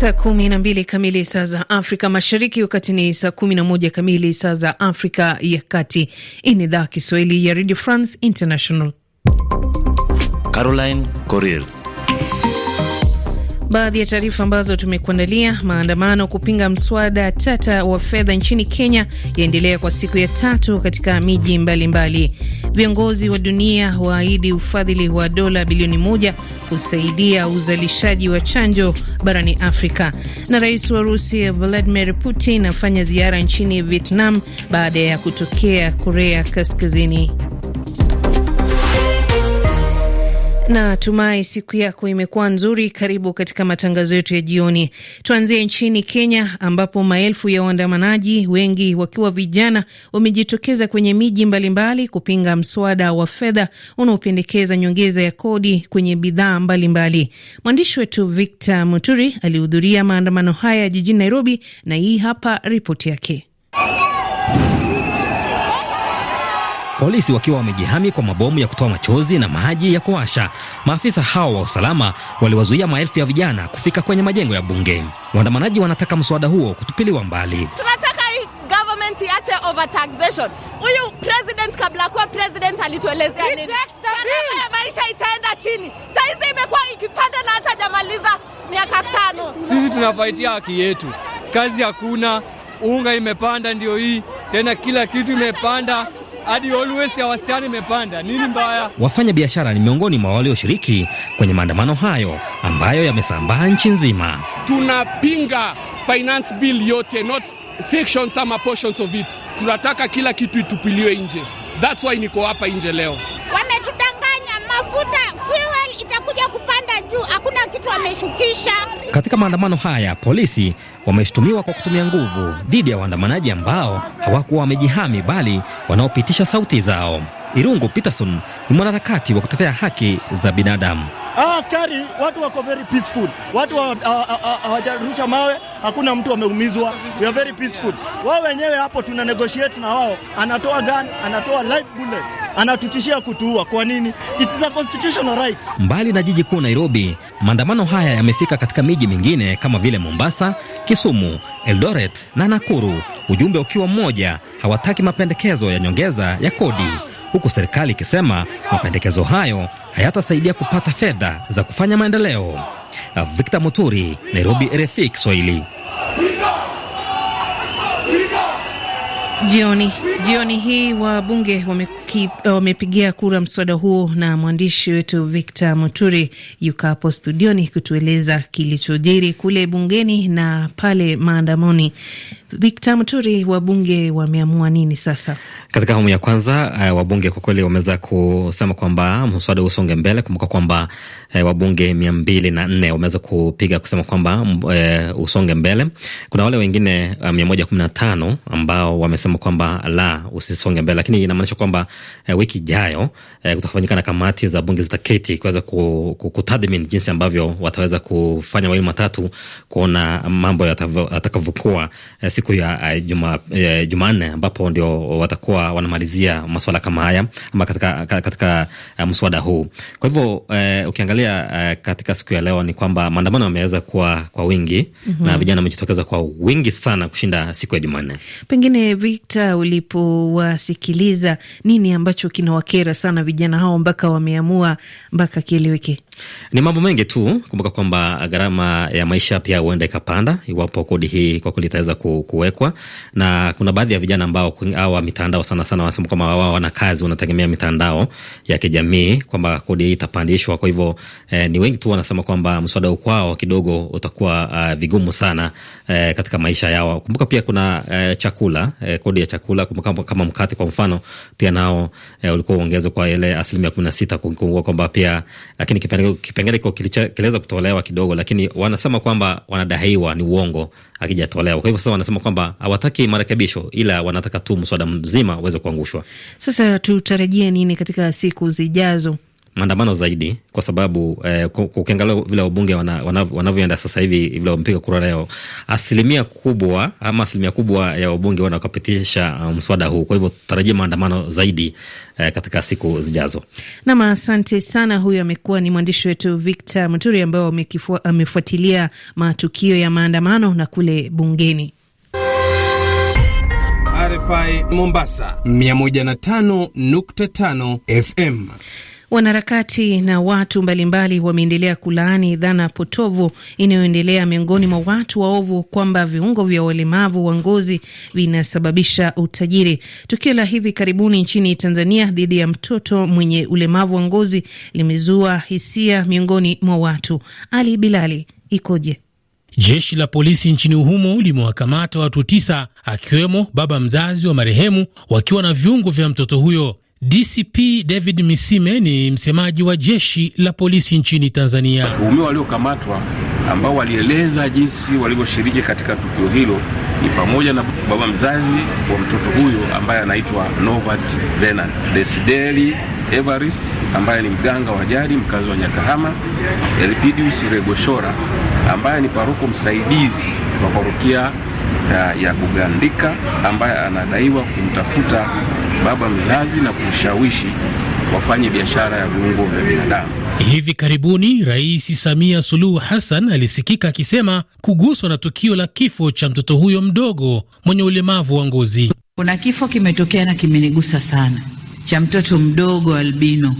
Saa kumi na mbili kamili saa za Afrika Mashariki, wakati ni saa kumi na moja kamili saa za Afrika ya Kati. Hii ni idhaa Kiswahili ya Radio France International. Caroline Coril Baadhi ya taarifa ambazo tumekuandalia: maandamano kupinga mswada tata wa fedha nchini Kenya yaendelea kwa siku ya tatu katika miji mbalimbali. Viongozi wa dunia waahidi ufadhili wa dola bilioni moja kusaidia uzalishaji wa chanjo barani Afrika. Na rais wa rusi Vladimir Putin afanya ziara nchini Vietnam baada ya kutokea Korea Kaskazini. Na tumai siku yako imekuwa nzuri. Karibu katika matangazo yetu ya jioni. Tuanzie nchini Kenya ambapo maelfu ya waandamanaji, wengi wakiwa vijana, wamejitokeza kwenye miji mbalimbali kupinga mswada wa fedha unaopendekeza nyongeza ya kodi kwenye bidhaa mbalimbali. Mwandishi wetu Victor Muturi alihudhuria maandamano haya jijini Nairobi na hii hapa ripoti yake. polisi wakiwa wamejihami kwa mabomu ya kutoa machozi na maji ya kuwasha. Maafisa hao wa usalama waliwazuia maelfu ya vijana kufika kwenye majengo ya bunge. Waandamanaji wanataka mswada huo kutupiliwa mbali. Tunataka government iache overtaxation. Huyu president kabla ya kuwa president alituelezea nini? Maisha itaenda chini, saizi imekuwa ikipanda na hata jamaliza miaka tano. Sisi tunafaitia haki yetu, kazi hakuna, unga imepanda, ndio hii tena, kila kitu imepanda hadi always ya wasichana imepanda. Nini mbaya? Wafanya biashara ni miongoni mwa walioshiriki kwenye maandamano hayo ambayo yamesambaa nchi nzima. Tunapinga finance bill yote, not sections ama portions of it. Tunataka kila kitu itupiliwe nje. That's why niko hapa nje leo. Wametudanganya mafuta, fuel itakuja kupa juu, hakuna kitu ameshukisha. Katika maandamano haya, polisi wameshtumiwa kwa kutumia nguvu dhidi ya waandamanaji ambao hawakuwa wamejihami, bali wanaopitisha sauti zao. Irungu Peterson ni mwanaharakati wa kutetea haki za binadamu. Ah, askari watu wako very peaceful, watu hawajarusha mawe, hakuna mtu ameumizwa, we are very peaceful. Wao wenyewe hapo tuna negotiate na wao, anatoa gun, anatoa live bullet, anatutishia kutuua. Kwa nini? It is a constitutional right. Mbali na jiji kuu Nairobi, maandamano haya yamefika katika miji mingine kama vile Mombasa, Kisumu, Eldoret na Nakuru, ujumbe ukiwa mmoja, hawataki mapendekezo ya nyongeza ya kodi huku serikali ikisema mapendekezo hayo hayatasaidia kupata fedha za kufanya maendeleo. Victor Muturi, Nairobi, RFI Kiswahili. Jioni jioni hii wabunge wame wamepigia kura mswada huo, na mwandishi wetu Victor Muturi yuko hapo studioni kutueleza kilichojiri kule bungeni na pale maandamoni. Victor Muturi, wabunge wameamua nini sasa katika awamu ya kwanza? Uh, wabunge kwa kweli wameweza kusema kwamba mswada usonge mbele. Kumbuka kwamba uh, wabunge mia mbili na nne wameweza kupiga kusema kwamba uh, usonge mbele. Kuna wale wengine uh, mia moja kumi na tano ambao wamesema kwamba la, usisonge mbele, lakini inamaanisha kwamba eh, wiki ijayo eh, kutafanyika na kamati za bunge zitaketi kuweza kutathmini jinsi ambavyo wataweza kufanya mawili matatu kuona mambo yatakavyokuwa eh, siku ya eh, juma, eh, Jumanne ambapo ndio watakuwa wanamalizia maswala kama haya ama katika, katika uh, mswada huu. Kwa hivyo eh, ukiangalia eh, katika siku ya leo ni kwamba maandamano yameweza kuwa kwa wingi mm -hmm. na vijana wamejitokeza kwa wingi sana kushinda siku ya Jumanne. Pengine Victor, ulipowasikiliza nini ambacho kinawakera sana vijana hao mpaka wameamua mpaka kieleweke? Ni mambo mengi tu. Kumbuka kwamba gharama ya maisha pia huenda ikapanda iwapo kodi hii kwa kweli itaweza kuwekwa, na kuna baadhi ya vijana ambao hawa mitandao sana sana wanasema kwamba wao wana kazi, wanategemea mitandao ya kijamii kwamba kodi hii itapandishwa. Kwa hivyo eh, ni wengi tu wanasema kwamba mswada kwao kidogo utakuwa uh, vigumu sana eh, katika maisha yao. Kumbuka pia kuna eh, chakula eh, kodi ya chakula. Kumbuka kama mkate kwa mfano pia nao eh, ulikuwa uongezwa kwa ile asilimia kumi na sita, kwamba pia lakini kipengele kipengele kiliweza kutolewa kidogo, lakini wanasema kwamba wanadaiwa ni uongo akijatolewa. Kwa hivyo sasa wanasema kwamba hawataki marekebisho, ila wanataka tu mswada mzima uweze kuangushwa. Sasa tutarajie nini katika siku zijazo? maandamano zaidi, kwa sababu eh, ukiangalia vile wabunge wanavyoenda wana, sasa hivi vile wamepiga kura leo, asilimia kubwa ama asilimia kubwa ya wabunge wanakapitisha um, mswada um, huu. Kwa hivyo tutarajia maandamano zaidi eh, katika siku zijazo. Nam, asante sana. Huyu amekuwa ni mwandishi wetu Victor Muturi ambayo amefuatilia matukio ya maandamano na kule bungeni. RFI Mombasa 105.5 FM. Wanaharakati na watu mbalimbali wameendelea kulaani dhana potovu inayoendelea miongoni mwa watu waovu kwamba viungo vya walemavu wa ngozi vinasababisha utajiri. Tukio la hivi karibuni nchini Tanzania dhidi ya mtoto mwenye ulemavu wa ngozi limezua hisia miongoni mwa watu. Ali Bilali, ikoje? Jeshi la polisi nchini humo limewakamata watu tisa akiwemo baba mzazi wa marehemu wakiwa na viungo vya mtoto huyo. DCP David Misime ni msemaji wa jeshi la polisi nchini Tanzania. Watuhumiwa waliokamatwa ambao walieleza jinsi walivyoshiriki katika tukio hilo ni pamoja na baba mzazi wa mtoto huyo ambaye anaitwa Novat Venant, Desideri Evaris ambaye ni mganga wa jadi mkazi wa Nyakahama, Elpidius Regoshora ambaye ni paroko msaidizi wa parokia uh, ya Bugandika ambaye anadaiwa kumtafuta baba mzazi na kumshawishi wafanye biashara ya viungo vya binadamu. Hivi karibuni Rais Samia Suluhu Hassan alisikika akisema kuguswa na tukio la kifo cha mtoto huyo mdogo mwenye ulemavu wa ngozi. Kuna kifo kimetokea na kimenigusa sana, cha mtoto mdogo albino,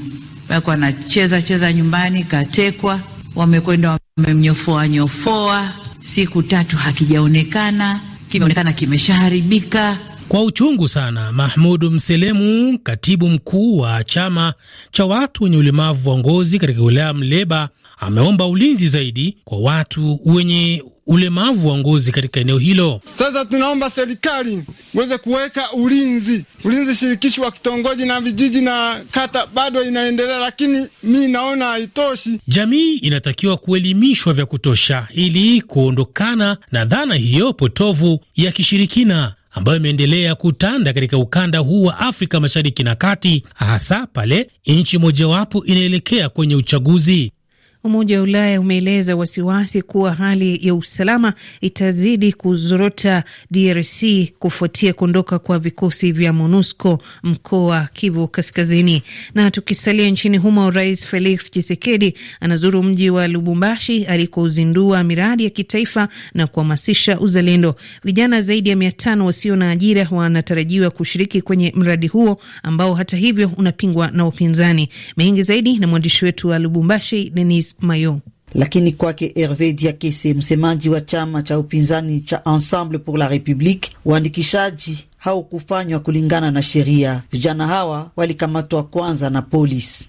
wako anacheza cheza nyumbani, katekwa, wamekwenda wamemnyofoa nyofoa, siku tatu hakijaonekana, kimeonekana kimeshaharibika kwa uchungu sana, Mahmud Mselemu, katibu mkuu wa chama cha watu wenye ulemavu wa ngozi katika wilaya Mleba, ameomba ulinzi zaidi kwa watu wenye ulemavu wa ngozi katika eneo hilo. Sasa tunaomba serikali uweze kuweka ulinzi, ulinzi shirikishi wa kitongoji na vijiji na kata bado inaendelea, lakini mi naona haitoshi. Jamii inatakiwa kuelimishwa vya kutosha ili kuondokana na dhana hiyo potovu ya kishirikina ambayo imeendelea kutanda katika ukanda huu wa Afrika Mashariki na Kati, hasa pale nchi mojawapo inaelekea kwenye uchaguzi. Umoja wa Ulaya umeeleza wasiwasi kuwa hali ya usalama itazidi kuzorota DRC kufuatia kuondoka kwa vikosi vya MONUSCO mkoa Kivu Kaskazini. Na tukisalia nchini humo, Rais Felix Tshisekedi anazuru mji wa Lubumbashi alikozindua miradi ya kitaifa na kuhamasisha uzalendo. Vijana zaidi ya mia tano wasio na ajira wanatarajiwa kushiriki kwenye mradi huo ambao hata hivyo unapingwa na upinzani. Mengi zaidi na mwandishi wetu wa Lubumbashi Denis Blaise Mayo. Lakini kwake Herve Diakese, msemaji wa chama cha upinzani cha Ensemble pour la république uandikishaji au kufanywa kulingana na sheria. Vijana hawa walikamatwa kwanza na polisi.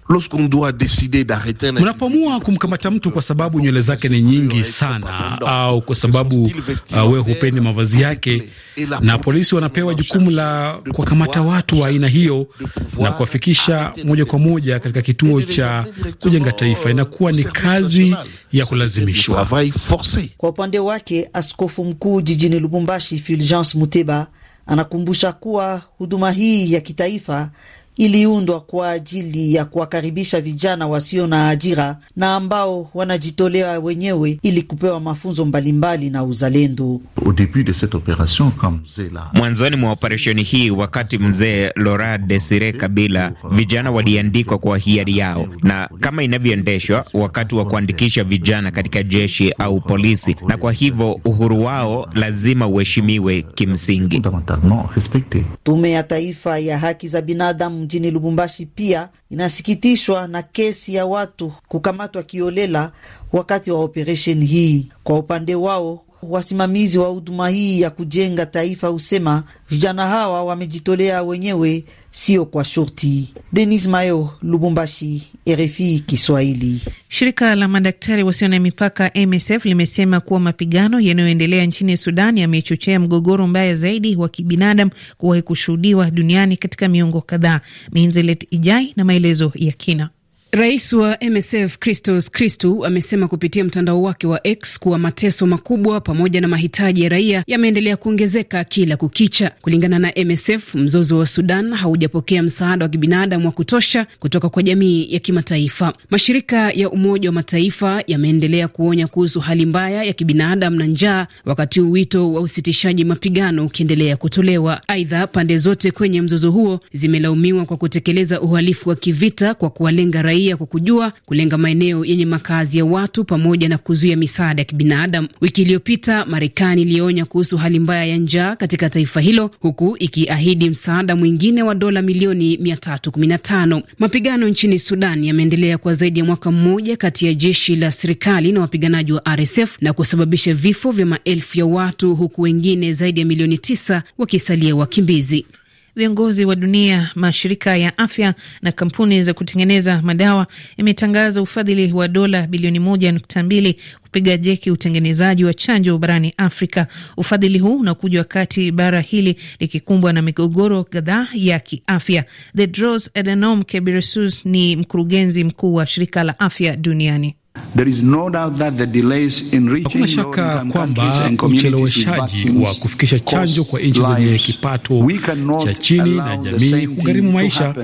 Mnapoamua kumkamata mtu kwa sababu nywele zake ni nyingi sana, au kwa sababu uh, wewe hupendi mavazi yake, na polisi wanapewa jukumu la kuwakamata watu wa aina hiyo na kuwafikisha moja kwa moja katika kituo cha kujenga taifa, euh, inakuwa ni kazi ya kulazimishwa. Kwa upande wake, askofu mkuu jijini Lubumbashi Fulgence Muteba Anakumbusha kuwa huduma hii ya kitaifa iliundwa kwa ajili ya kuwakaribisha vijana wasio na ajira na ambao wanajitolea wenyewe ili kupewa mafunzo mbalimbali na uzalendo. Mwanzoni mwa operesheni hii, wakati mzee Lora Desire Kabila, vijana waliandikwa kwa hiari yao, na kama inavyoendeshwa wakati wa kuandikisha vijana katika jeshi au polisi, na kwa hivyo uhuru wao lazima uheshimiwe kimsingi. Tume ya Taifa ya Haki za Binadamu mjini Lubumbashi pia inasikitishwa na kesi ya watu kukamatwa kiolela wakati wa operesheni hii. Kwa upande wao wasimamizi wa huduma hii ya kujenga taifa husema vijana hawa wamejitolea wenyewe sio kwa shurti. Denis Mayo, Lubumbashi, RFI Kiswahili. Shirika la madaktari wasio na mipaka MSF limesema kuwa mapigano yanayoendelea nchini Sudan yamechochea mgogoro mbaya zaidi wa kibinadamu kuwahi kushuhudiwa duniani katika miongo kadhaa. Minzelet Ijai na maelezo ya kina. Rais wa MSF Christos cristu amesema kupitia mtandao wake wa X kuwa mateso makubwa pamoja na mahitaji ya raia yameendelea kuongezeka kila kukicha. Kulingana na MSF, mzozo wa Sudan haujapokea msaada wa kibinadamu wa kutosha kutoka kwa jamii ya kimataifa. Mashirika ya Umoja wa Mataifa yameendelea kuonya kuhusu hali mbaya ya kibinadamu na njaa, wakati wito wa usitishaji mapigano ukiendelea kutolewa. Aidha, pande zote kwenye mzozo huo zimelaumiwa kwa kutekeleza uhalifu wa kivita kwa kuwalenga raia raia kwa kujua, kulenga maeneo yenye makazi ya watu pamoja na kuzuia misaada ya kibinadamu. Wiki iliyopita Marekani ilionya kuhusu hali mbaya ya njaa katika taifa hilo huku ikiahidi msaada mwingine wa dola milioni 315. Mapigano nchini Sudan yameendelea kwa zaidi ya mwaka mmoja kati ya jeshi la serikali na wapiganaji wa RSF na kusababisha vifo vya maelfu ya watu huku wengine zaidi ya milioni tisa wakisalia wakimbizi viongozi wa dunia, mashirika ya afya na kampuni za kutengeneza madawa imetangaza ufadhili wa dola bilioni moja nukta mbili kupiga jeki utengenezaji wa chanjo barani Afrika. Ufadhili huu unakuja wakati bara hili likikumbwa na migogoro kadhaa ya kiafya. Tedros Adhanom Ghebreyesus ni mkurugenzi mkuu wa shirika la afya duniani. Hakuna shaka kwamba ucheleweshaji wa kufikisha chanjo kwa nchi zenye kipato cha chini na jamii kugharimu maisha.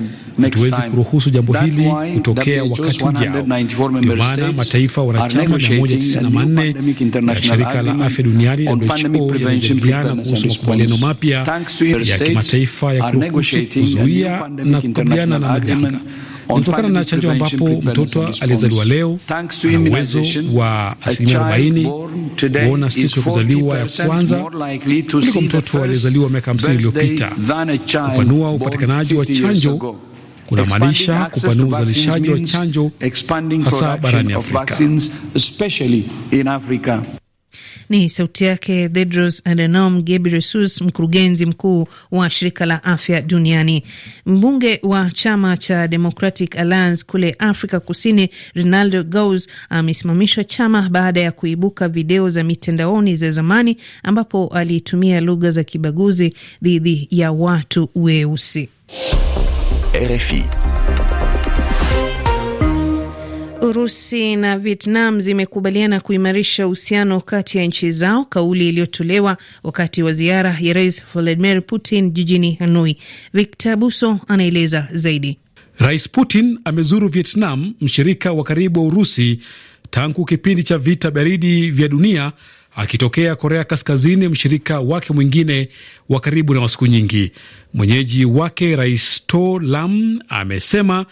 Hatuwezi kuruhusu jambo hili kutokea wakati ujao. Ndio maana mataifa wanachama 194 ya shirika la afya duniani WHO yanajadiliana kuhusu makubaliano mapya ya kimataifa ya kuruhusu kuzuia na kukabiliana na majanga. Kutokana na chanjo ambapo mtoto aliyezaliwa leo ana uwezo wa asilimia arobaini kuona siku ya kuzaliwa ya kwanza kuliko mtoto aliyezaliwa miaka hamsini iliyopita. Kupanua upatikanaji wa chanjo kunamaanisha kupanua uzalishaji wa chanjo hasa barani Afrika. Ni sauti yake Tedros Adhanom Ghebreyesus, mkurugenzi mkuu wa shirika la afya duniani. Mbunge wa chama cha Democratic Alliance kule Afrika Kusini, Rinaldo Gous amesimamishwa chama baada ya kuibuka video za mitandaoni za zamani ambapo alitumia lugha za kibaguzi dhidi ya watu weusi. RFI. Urusi na Vietnam zimekubaliana kuimarisha uhusiano kati ya nchi zao, kauli iliyotolewa wakati wa ziara ya Rais Vladimir Putin jijini Hanoi. Victor Buso anaeleza zaidi. Rais Putin amezuru Vietnam, mshirika wa karibu wa Urusi tangu kipindi cha vita baridi vya dunia, akitokea Korea Kaskazini, mshirika wake mwingine wa karibu na wa siku nyingi. Mwenyeji wake Rais To Lam amesema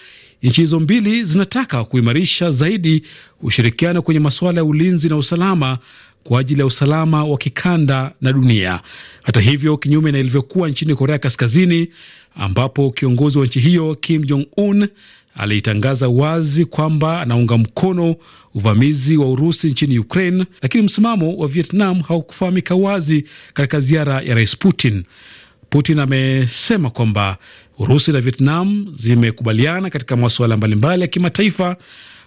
Nchi hizo mbili zinataka kuimarisha zaidi ushirikiano kwenye masuala ya ulinzi na usalama kwa ajili ya usalama wa kikanda na dunia. Hata hivyo, kinyume na ilivyokuwa nchini Korea Kaskazini, ambapo kiongozi wa nchi hiyo Kim Jong Un aliitangaza wazi kwamba anaunga mkono uvamizi wa Urusi nchini Ukraine, lakini msimamo wa Vietnam haukufahamika wazi katika ziara ya Rais Putin. Putin amesema kwamba Urusi na Vietnam zimekubaliana katika masuala mbalimbali ya kimataifa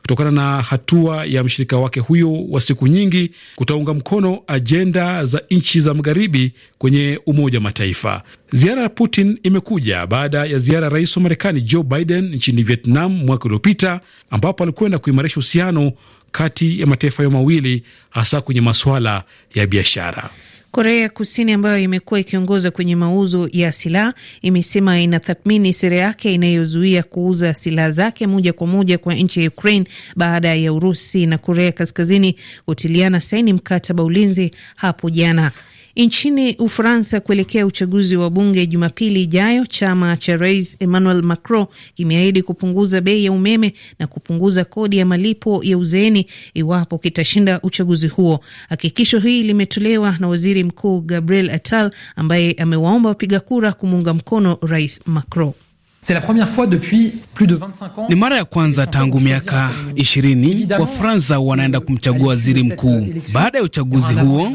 kutokana na hatua ya mshirika wake huyo wa siku nyingi kutaunga mkono ajenda za nchi za magharibi kwenye Umoja wa Mataifa. Ziara ya Putin imekuja baada ya ziara ya rais wa Marekani Joe Biden nchini Vietnam mwaka uliopita, ambapo alikwenda kuimarisha uhusiano kati ya mataifa hayo mawili, hasa kwenye masuala ya biashara. Korea ya Kusini ambayo imekuwa ikiongoza kwenye mauzo ya silaha imesema inatathmini sera yake inayozuia kuuza silaha zake moja kwa moja kwa nchi ya Ukraine baada ya Urusi na Korea Kaskazini kutiliana saini mkataba ulinzi hapo jana. Nchini Ufaransa, kuelekea uchaguzi wa bunge Jumapili ijayo, chama cha Rais Emmanuel Macron kimeahidi kupunguza bei ya umeme na kupunguza kodi ya malipo ya uzeeni iwapo kitashinda uchaguzi huo. Hakikisho hii limetolewa na Waziri Mkuu Gabriel Attal ambaye amewaomba wapiga kura kumuunga mkono Rais Macron. Ni mara ya kwanza tangu miaka ishirini Wafaransa wanaenda kumchagua waziri mkuu. Baada ya uchaguzi huo,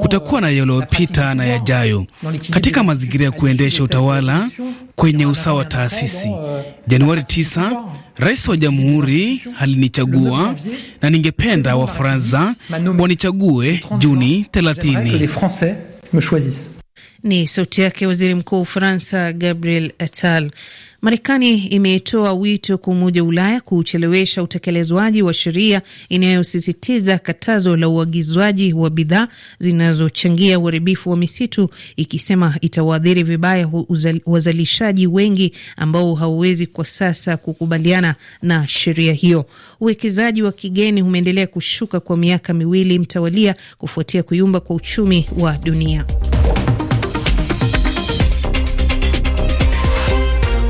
kutakuwa na yaliyopita na yajayo katika mazingira ya kuendesha utawala kwenye usawa wa taasisi. Euh, Januari 9 rais wa jamhuri alinichagua na ningependa Wafaransa wanichague Juni 30. Ni sauti yake waziri mkuu wa Ufaransa, Gabriel Attal. Marekani imetoa wito kwa Umoja wa Ulaya kuchelewesha utekelezwaji wa sheria inayosisitiza katazo la uagizwaji wa bidhaa zinazochangia uharibifu wa misitu, ikisema itawaadhiri vibaya wazalishaji wengi ambao hawawezi kwa sasa kukubaliana na sheria hiyo. Uwekezaji wa kigeni umeendelea kushuka kwa miaka miwili mtawalia kufuatia kuyumba kwa uchumi wa dunia.